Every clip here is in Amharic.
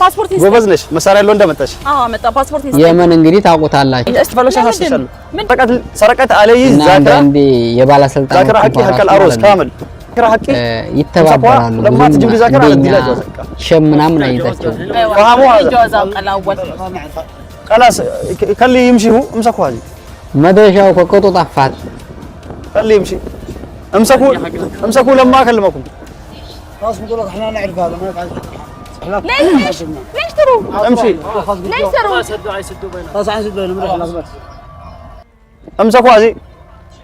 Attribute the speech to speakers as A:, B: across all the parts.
A: ፓስፖርት ይስጥ። ጎበዝ ነሽ። መሳሪያ ያለው እንደመጣሽ።
B: አዎ መጣ። ፓስፖርት ይስጥ።
C: የመን እንግዲህ ታውቁታላችሁ።
A: እስቲ ባለሽ አሳስቻለሁ። ሰረቀት ሰረቀት አለይ ዛክራ እንዴ የባለስልጣን ዛክራ ሐቂ ሐቀል አሮስ ካምል
C: ዛክራ ሐቂ ይተባበራሉ።
A: ለማት ጅም ዛክራ
C: አለይ ሸምናም ነው ይታችሁ
B: ፈሃሙ ጃዛ ቀላወት
A: خلاص خليه يمشي هو امسكه هذه
C: مدرجه وكوكوته طفات
A: خليه يمشي امسكوا امسكوا لما اكلمكم
D: خلاص بقول لك احنا نعرف
B: هذا ما يبعد ليش ليش ليش تروح؟
A: امشي ليش
B: تروح؟ سدوا يسدوا
D: بينهم خلاص حنسدوا
A: بينهم امسكوا هذه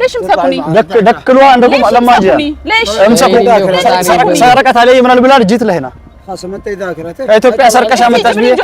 A: ليش مسكوني؟ دك دكلوها عندكم
B: لما اجي
A: ليش؟ امسكوا سارقت علي من البلاد جيت لهنا ከኢትዮጵያ
B: ሰርቀሽ አመጣሽ ብዬ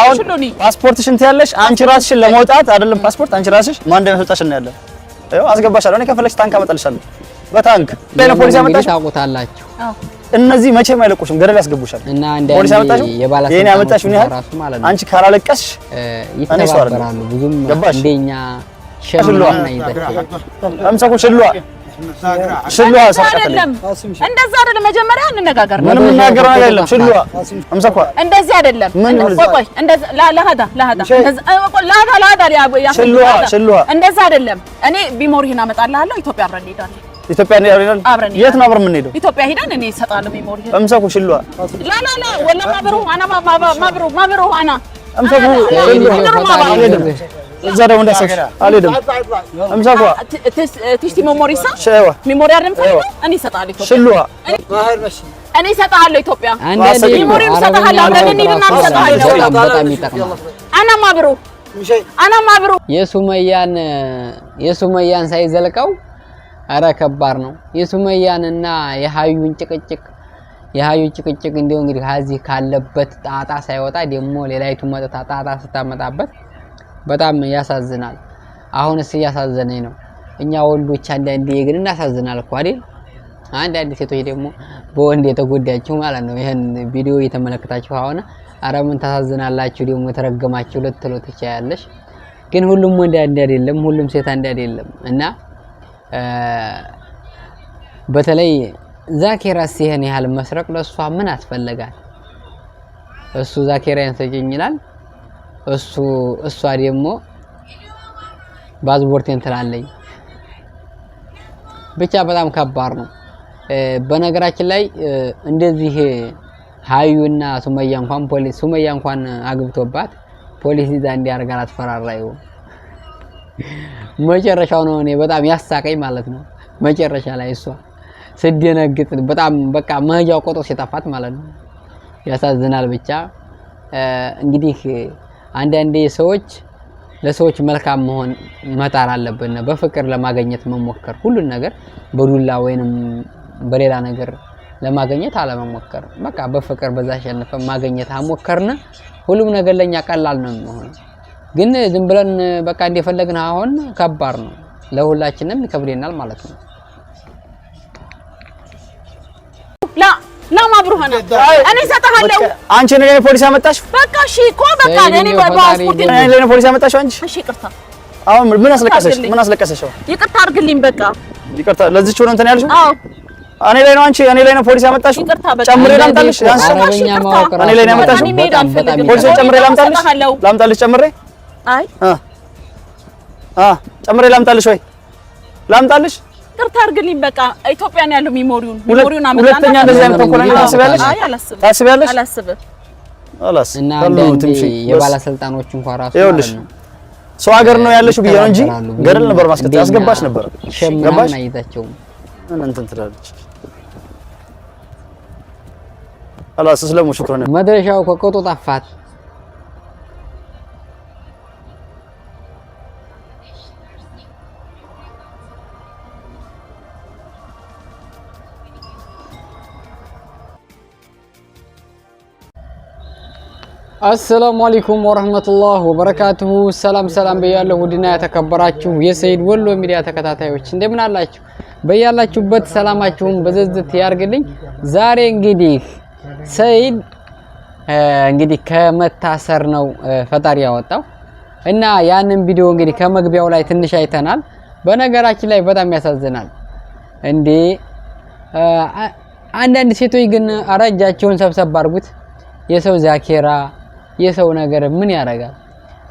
A: አሁን ፓስፖርትሽን ትያለሽ። አንቺ ራስሽን ለመውጣት አይደለም ፓስፖርት አንቺ ራስሽ ማን እንደሚያስወጣሽ እናያለን። አስገባሻለሁ። እኔ ከፈለግሽ ታንክ አመጣልሻለሁ። በታንክ
C: ፖሊስ ያመጣሽ ታውቁታላችሁ።
A: እነዚህ መቼም አይለቁሽም፣ ገደል ያስገቡሻል። እና ፖሊስ ያመጣሽው የኔ ያመጣሽ ምን ያህል አንቺ ካላለቀሽ
C: ይተባበራሉ። ብዙም እንደኛ ሸምሏ
A: አምሳኩ ሸሏ
B: ሽሏ አይደለም፣ እንደዛ አይደለም።
A: መጀመሪያ እንነጋገር። ምንም የምናገረው ነገር የለም። ሽሏ አምሳኮ
B: እንደዚህ አይደለም። ቆይ ቆይ፣ እንደዚህ ለሀዳ ለሀዳ ለሀዳ ለሀዳ እንደዛ አይደለም። እኔ ቢሞር ይሄን አመጣልሃለሁ። ኢትዮጵያ አብረን እንሄዳለን
A: ኢትዮጵያ ሄደን የት ነው አብረን
B: የምንሄደው? ኢትዮጵያ ሄደን እኔ
A: እሰጣለሁ። ሜሞሪ
B: እምሰኩ ሽሏ ላላላ ወላ ማብሩ አና ማብሩ ማብሩ አና
A: እምሰኩ እዛ ደግሞ እንዳሰብሽ አልሄድም። እምሰኩ ትሽቲ ሜሞሪሳ
B: ሸዋ ሜሞሪ አይደል የምፈልገው
A: እኔ እሰጣለሁ። ኢትዮጵያ
D: ሽሏ
B: እኔ እሰጣለሁ። ኢትዮጵያ ሜሞሪ እሰጣለሁ። አብረን እንሂድና እሰጣለሁ። አና ማብሩ አና ማብሩ
C: የሱመያን የሱመያን ሳይዘልቀው አረ ከባድ ነው። የሱመያንና የሀዩን ጭቅጭቅ የሀዩ ጭቅጭቅ እንዲሁ እንግዲህ ከዚህ ካለበት ጣጣ ሳይወጣ ደግሞ ሌላይቱ መጠታ ጣጣ ስታመጣበት በጣም ያሳዝናል። አሁንስ እያሳዘነኝ ነው። እኛ ወንዶች አንዳንዴ ግን እናሳዝናል እኮ አይደል? አንዳንድ ሴቶች ደግሞ በወንድ የተጎዳችሁ ማለት ነው። ይህን ቪዲዮ እየተመለከታችሁ አሁን አረ ምን ታሳዝናላችሁ ደግሞ የተረገማችሁ ልትሎ ትችያለሽ። ግን ሁሉም ወንድ አንድ አይደለም፣ ሁሉም ሴት አንድ አይደለም እና በተለይ ዛኬራ ይሄን ያህል መስረቅ ለእሷ ምን አስፈለጋል? እሱ ዛኬራን ሰጪኝ ይላል። እሱ እሷ ደግሞ ባዝቦርቴን ትላለኝ። ብቻ በጣም ከባድ ነው። በነገራችን ላይ እንደዚህ ሀዩና ሱመያ እንኳን ፖሊስ ሱመያ እንኳን አግብቶባት ፖሊስ ይዛ እንዲያደርጋል አትፈራራዩ መጨረሻው ነው እኔ በጣም ያሳቀኝ ማለት ነው። መጨረሻ ላይ እሷ ስደነግጥ በጣም በቃ መሄጃው ቆጦ ሲጠፋት ማለት ነው። ያሳዝናል። ብቻ እንግዲህ አንዳንዴ ሰዎች ለሰዎች መልካም መሆን መጣር አለብን። በፍቅር ለማግኘት መሞከር፣ ሁሉን ነገር በዱላ ወይንም በሌላ ነገር ለማግኘት አለመሞከር፣ በቃ በፍቅር በዛ አሸንፈን ማግኘት አሞከርን፣ ሁሉም ነገር ለኛ ቀላል ነው የሚሆነው። ግን ዝም ብለን በቃ እንደፈለግን አሁን ከባድ ነው፣ ለሁላችንም
B: ይከብደናል ማለት ነው። ብሩሃና ፖሊስ ያመጣሽ። በቃ እሺ እኮ በቃ እኔ ፖሊስ አንቺ። እሺ ይቅርታ።
A: አሁን ምን አስለቀሰሽ? ምን አስለቀሰሽ?
B: ይቅርታ አድርግልኝ።
A: በቃ ይቅርታ።
B: ሆነ እንትን ያልሽው?
A: አዎ እኔ ላይ ነው። አንቺ እኔ ላይ ነው ፖሊስ ያመጣሽው። ጨምሬ ላምጣልሽ? እኔ ላይ
B: ነው ያመጣሽው።
A: ፖሊስ ጨምሬ ላምጣልሽ? ላምጣልሽ
B: ጨምሬ አይ
A: አ ጨምሬ ላምጣልሽ ወይ
B: ላምጣልሽ? ቅርታ አድርግልኝ። በቃ ኢትዮጵያን ያለው ሚሞሪውን
A: ሚሞሪውን አመጣና ሁለተኛ እንደዚህ አይነት ተንኮለኛ ታስቢያለሽ? አይ አላስብም። ታስቢያለሽ? አላስብም።
B: አላስ እና
C: የባለስልጣኖች
A: እንኳን ራሱ ይኸውልሽ ሰው ሀገር ነው ያለሽው ብዬ ነው እንጂ ገደል ነበር ማስከተል
C: ያስገባሽ ነበር። ገባሽ? አይታቸው
A: እንትን ትላለች። አላስ
C: ስለሙ ሹክራን መድረሻው ከቆጦ ጠፋት። አሰላሙ አለይኩም ወረህመቱላህ ወበረካቱሁ። ሰላም ሰላም በያለሁ ውድና የተከበራችሁ የሰይድ ወሎ ሚዲያ ተከታታዮች እንደምን አላችሁ? በያላችሁበት ሰላማችሁን በዘዝት ያርግልኝ። ዛሬ እንግዲህ ሰይድ እንግዲህ ከመታሰር ነው ፈጣሪ ያወጣው እና ያንን ቪዲዮ እንግዲህ ከመግቢያው ላይ ትንሽ አይተናል። በነገራችን ላይ በጣም ያሳዝናል እንዴ! አንዳንድ ሴቶች ግን አረጃቸውን ሰብሰብ አድርጉት የሰው ዛኬራ የሰው ነገር ምን ያረጋል?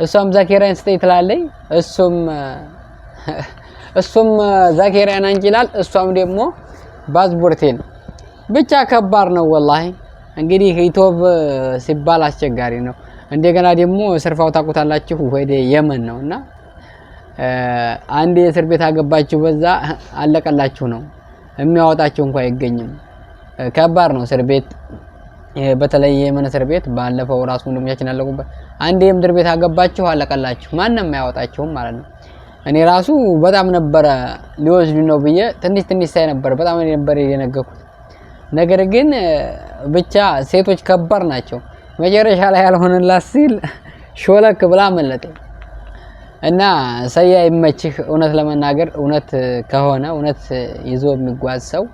C: እሷም ዛኬራን ስጠኝ ትላለች። እሱም እሱም ዛኬራን አንቺ ይላል። እሷም ደግሞ ባዝቦርቴን ብቻ ከባድ ነው ወላሂ። እንግዲህ ኢትዮብ ሲባል አስቸጋሪ ነው። እንደገና ደግሞ ስርፋው ታውቁታላችሁ፣ ወደ የመን ነው እና አንድ ቤት አገባችሁ፣ በዛ አለቀላችሁ ነው የሚያወጣችሁ እንኳ አይገኝም። ከባድ ነው እስር ቤት በተለይ የየመን ቤት ባለፈው ራሱ ወንድሞቻችን ያለቁበት አንድ የምድር ቤት አገባችሁ አለቀላችሁ፣ ማንም አያወጣችሁም ማለት ነው። እኔ ራሱ በጣም ነበረ ሊወስዱ ነው ብዬ ትንሽ ትንሽ ሳይ ነበር በጣም ነበር የደነገኩት። ነገር ግን ብቻ ሴቶች ከባድ ናቸው። መጨረሻ ላይ ያልሆነላት ሲል ሾለክ ብላ መለጠ እና ሰያ ይመችህ። እውነት ለመናገር እውነት ከሆነ እውነት ይዞ የሚጓዝ ሰው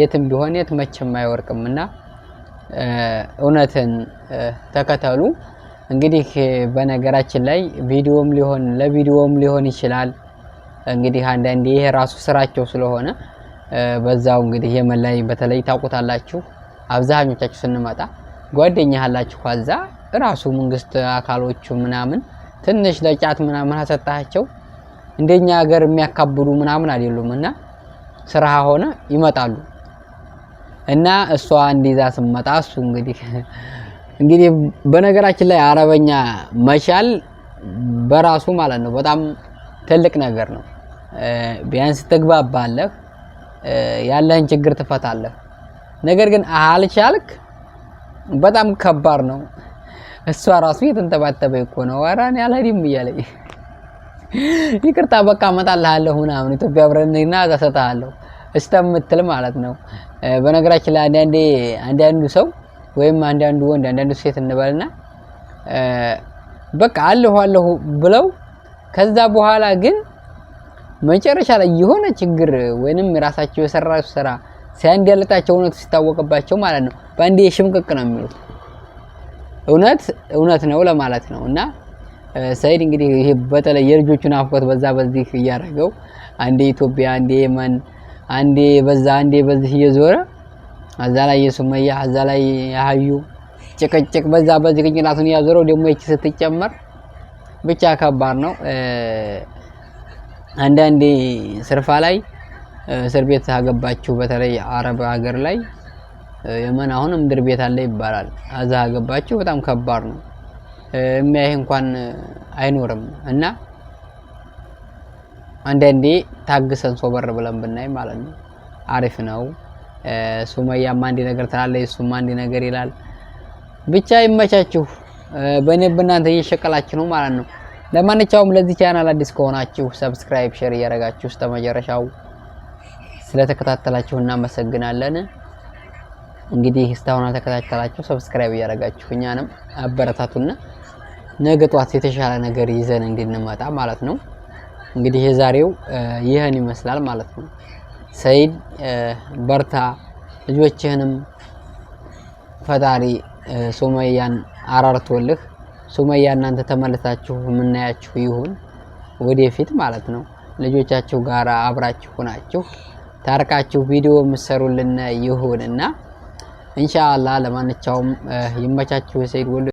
C: የትም ቢሆን የት መቼም አይወርቅም እና እውነትን ተከተሉ። እንግዲህ በነገራችን ላይ ቪዲዮም ሊሆን ለቪዲዮም ሊሆን ይችላል። እንግዲህ አንዳንዴ ይሄ ራሱ ስራቸው ስለሆነ በዛው እንግዲህ የመን ላይ በተለይ ታውቁታላችሁ። አብዛኞቻችሁ ስንመጣ ጓደኛ ያላችሁ ራሱ መንግስት አካሎቹ ምናምን ትንሽ ለጫት ምናምን አሰጣቸው እንደኛ ሀገር የሚያካብዱ ምናምን አይደሉም እና ስራ ሆነ ይመጣሉ። እና እሷ እንዲዛ ስመጣ እሱ እንግዲህ እንግዲህ በነገራችን ላይ አረበኛ መቻል በራሱ ማለት ነው በጣም ትልቅ ነገር ነው። ቢያንስ ትግባባለህ፣ ያለህን ችግር ትፈታለህ። ነገር ግን አልቻልክ፣ በጣም ከባድ ነው። እሷ ራሱ የተንተባተበ እኮ ነው። ኧረ እኔ አልሄድም እያለኝ ይቅርታ፣ በቃ እመጣልሃለሁ ምናምን ኢትዮጵያ አብረን እና እዛ እሰጥሃለሁ እስከምትል ማለት ነው። በነገራችን ላይ አንዳንዴ አንዳንዱ ሰው ወይም አንዳንዱ ወንድ አንዳንዱ ሴት እንበልና በቃ አለሁ አለሁ ብለው ከዛ በኋላ ግን መጨረሻ ላይ የሆነ ችግር ወይንም ራሳቸው የሰራ ስራ ሲያንደልጣቸው እውነቱ ሲታወቅባቸው ማለት ነው በአንዴ ሽምቅቅ ነው የሚሉት። እውነት እውነት ነው ለማለት ነው። እና ሰይድ እንግዲህ ይሄ በተለይ የልጆቹን አፍቆት በዛ በዚህ እያደረገው አንዴ ኢትዮጵያ አንዴ የመን አንዴ በዛ አንዴ በዚህ እየዞረ እዛ ላይ የሱመያ እዛ ላይ ያዩ ጭቅጭቅ በዛ በዚህ ቅጭላቱን እያዞረው ደግሞ ይቺ ስትጨመር ብቻ ከባድ ነው። አንዳንዴ ስርፋ ላይ እስር ቤት አገባችሁ፣ በተለይ አረብ ሀገር ላይ የመን አሁንም ምድር ቤት አለ ይባላል። እዛ አገባችሁ በጣም ከባድ ነው። የሚያይህ እንኳን አይኖርም እና አንዳንዴ ታግሰን ሶበር ብለን ብናይ ማለት ነው አሪፍ ነው። ሱመያም አንድ ነገር ትላለች፣ እሱም አንድ ነገር ይላል። ብቻ ይመቻችሁ። በእኔ በእናንተ እየሸቀላችሁ ነው ማለት ነው። ለማንኛውም ለዚህ ቻናል አዲስ ከሆናችሁ ሰብስክራይብ፣ ሼር እያደረጋችሁ እስከ መጨረሻው ስለተከታተላችሁ እናመሰግናለን። እንግዲህ እስካሁን አልተከታተላችሁ ሰብስክራይብ እያደረጋችሁ እኛንም አበረታቱና ነገ ጧት የተሻለ ነገር ይዘን እንድንመጣ ማለት ነው። እንግዲህ የዛሬው ይህን ይመስላል ማለት ነው። ሰይድ በርታ፣ ልጆችህንም ፈጣሪ ሱመያን አራርቶልህ ሱመያ እናንተ ተመልሳችሁ የምናያችሁ ይሁን ወደፊት ማለት ነው። ልጆቻችሁ ጋር አብራችሁ ሆናችሁ ታርቃችሁ ቪዲዮ የምትሰሩልን ይሁንና ኢንሻአላህ። ለማንኛውም ይመቻችሁ። ሰይድ ወሎ